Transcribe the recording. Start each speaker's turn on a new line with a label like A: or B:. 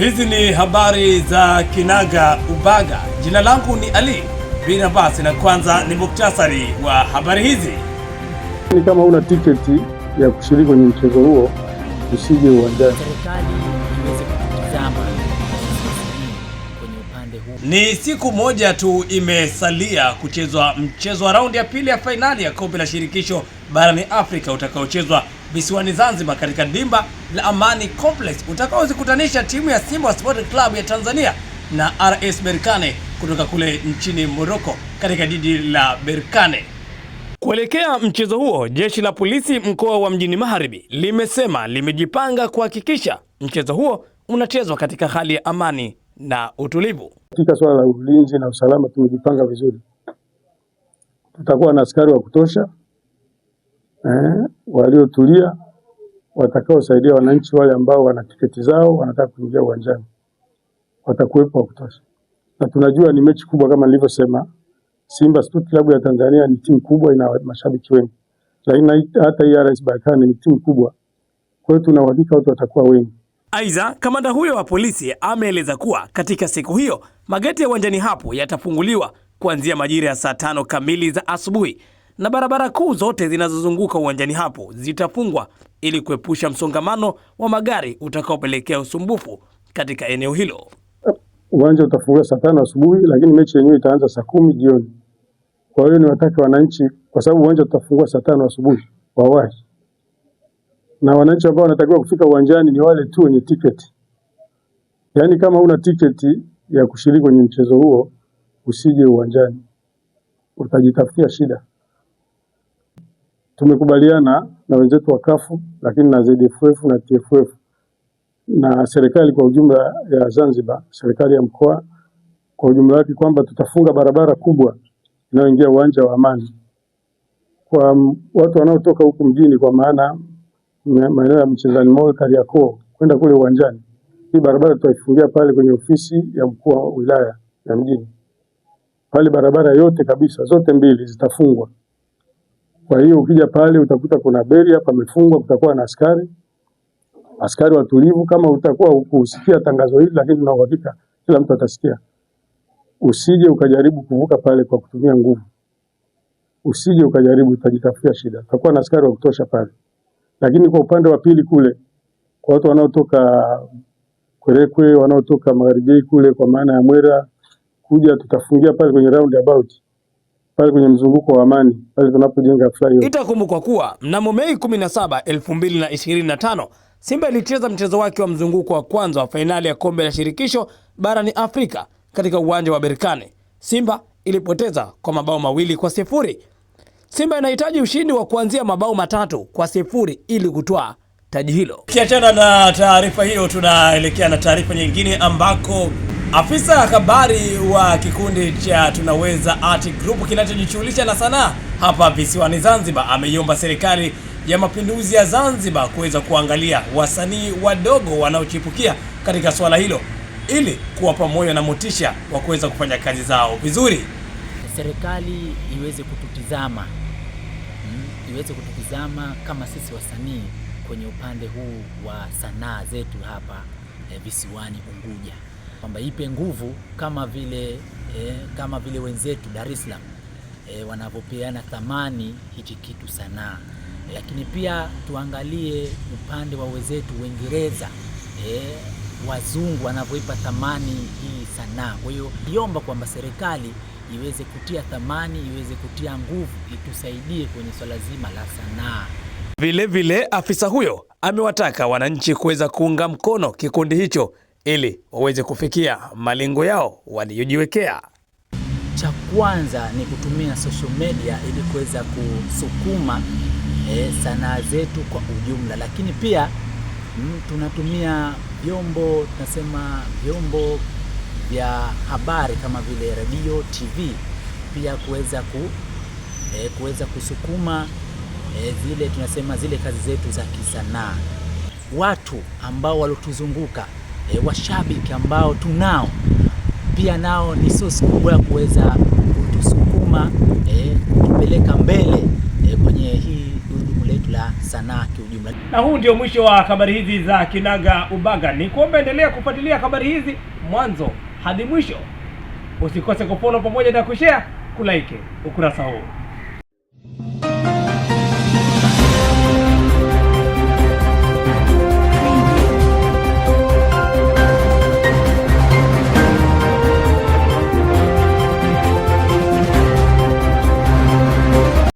A: Hizi ni habari za kinaga ubaga. Jina langu ni Ali bin Abbas, na kwanza ni muktasari wa habari hizi.
B: Ni kama una tiketi ya kushiriki kwenye mchezo huo usije uwanjani.
A: Ni siku moja tu imesalia kuchezwa mchezo wa raundi ya pili ya fainali ya kombe la shirikisho barani Afrika utakaochezwa visiwani Zanzibar katika dimba la Amani Complex utakaozikutanisha timu ya Simba Sport Club ya Tanzania na RS Berkane kutoka kule nchini Morocco katika jiji la Berkane. Kuelekea mchezo huo, jeshi la polisi mkoa wa Mjini Magharibi limesema limejipanga kuhakikisha mchezo huo unachezwa katika hali ya amani na utulivu.
B: Katika swala la ulinzi na usalama tumejipanga vizuri, tutakuwa na askari wa kutosha eh, waliotulia watakaosaidia wananchi wale ambao wana tiketi zao wanataka kuingia uwanjani watakuwepo wa kutosha, na tunajua ni mechi kubwa. Kama nilivyosema, Simba Sports Club ya Tanzania ni timu kubwa, ina mashabiki wengi, lakini hata hii RS Berkane ni timu kubwa. Kwa hiyo tuna uhakika watu watakuwa wengi.
A: Aidha, kamanda huyo wa polisi ameeleza kuwa katika siku hiyo mageti ya uwanjani hapo yatafunguliwa kuanzia majira ya saa tano kamili za asubuhi na barabara kuu zote zinazozunguka uwanjani hapo zitafungwa ili kuepusha msongamano wa magari utakaopelekea usumbufu katika eneo hilo.
B: Uwanja utafungua saa tano asubuhi, lakini mechi yenyewe itaanza saa kumi jioni. Kwa hiyo niwatake wananchi, kwa sababu uwanja utafungua saa tano asubuhi wawahi, na wananchi ambao wanatakiwa kufika uwanjani ni wale tu wenye tiketi. Yaani kama una tiketi ya kushiriki kwenye mchezo huo, usije uwanjani, utajitafutia shida tumekubaliana na wenzetu wa kafu lakini na ZFF na TFF na serikali kwa ujumla ya Zanzibar, serikali ya mkoa kwa ujumla wake kwamba tutafunga barabara kubwa inayoingia uwanja wa Amani kwa watu wanaotoka huku mjini, kwa maana maeneo ya Mchezani Moyo, Kariakoo kwenda kule uwanjani. Hii barabara tutaifungia pale kwenye ofisi ya mkuu wa wilaya ya mjini pale, barabara yote kabisa, zote mbili zitafungwa. Kwa hiyo ukija pale utakuta kuna beria pamefungwa, kutakuwa na askari askari watulivu. Kama utakuwa ukusikia tangazo hili, lakini na uhakika kila mtu atasikia. Usije ukajaribu kuvuka pale kwa kutumia nguvu, usije ukajaribu, utajitafutia shida. Utakuwa na askari wa kutosha pale. Lakini kwa upande wa pili kule, kwa watu wanaotoka Kwerekwe, wanaotoka magharibi kule, kwa maana ya Mwera, kuja tutafungia pale kwenye roundabout pale kwenye mzunguko wa amani pale tunapojenga flyover.
A: Itakumbukwa kuwa mnamo Mei 17, 2025 Simba ilicheza mchezo wake wa mzunguko wa kwanza wa fainali ya kombe la shirikisho barani Afrika katika uwanja wa Berkane. Simba ilipoteza kwa mabao mawili kwa sifuri. Simba inahitaji ushindi wa kuanzia mabao matatu kwa sifuri ili kutwaa taji hilo. Kiachana na taarifa hiyo, tunaelekea na taarifa nyingine ambako Afisa habari wa kikundi cha Tunaweza Art Group kinachojishughulisha na sanaa hapa visiwani Zanzibar ameiomba serikali ya mapinduzi ya Zanzibar kuweza kuangalia wasanii wadogo wanaochipukia katika swala hilo ili kuwapa moyo na motisha wa kuweza kufanya kazi zao vizuri.
C: Serikali iweze kututizama, hmm, iweze kututizama kama sisi wasanii kwenye upande huu wa sanaa zetu hapa eh, visiwani Unguja kwamba ipe nguvu kama vile eh, kama vile wenzetu Dar es Salaam eh, wanavyopeana thamani hichi kitu sanaa, lakini pia tuangalie upande wa wenzetu Uingereza eh, wazungu wanavyoipa thamani hii sanaa. Kwa hiyo niomba kwamba serikali iweze kutia thamani, iweze kutia nguvu, itusaidie kwenye swala zima la sanaa.
A: Vilevile afisa huyo amewataka wananchi kuweza kuunga mkono kikundi hicho ili waweze kufikia malengo yao waliyojiwekea.
C: Cha kwanza ni kutumia social media ili kuweza kusukuma eh, sanaa zetu kwa ujumla, lakini pia mm, tunatumia vyombo tunasema vyombo vya habari kama vile radio, TV pia kuweza ku, eh, kuweza kusukuma eh, zile tunasema zile kazi zetu za kisanaa. Watu ambao walotuzunguka e, washabiki ambao tunao pia nao ni sosi kubwa ya kuweza kutusukuma e, eh, kutupeleka mbele e, kwenye hii gurudumu letu la sanaa kiujumla.
A: Na huu ndio mwisho wa habari hizi za Kinaga Ubaga. Ni kuomba endelea kufuatilia habari hizi mwanzo hadi mwisho. Usikose kufollow pamoja na kushare, kulike ukurasa huu.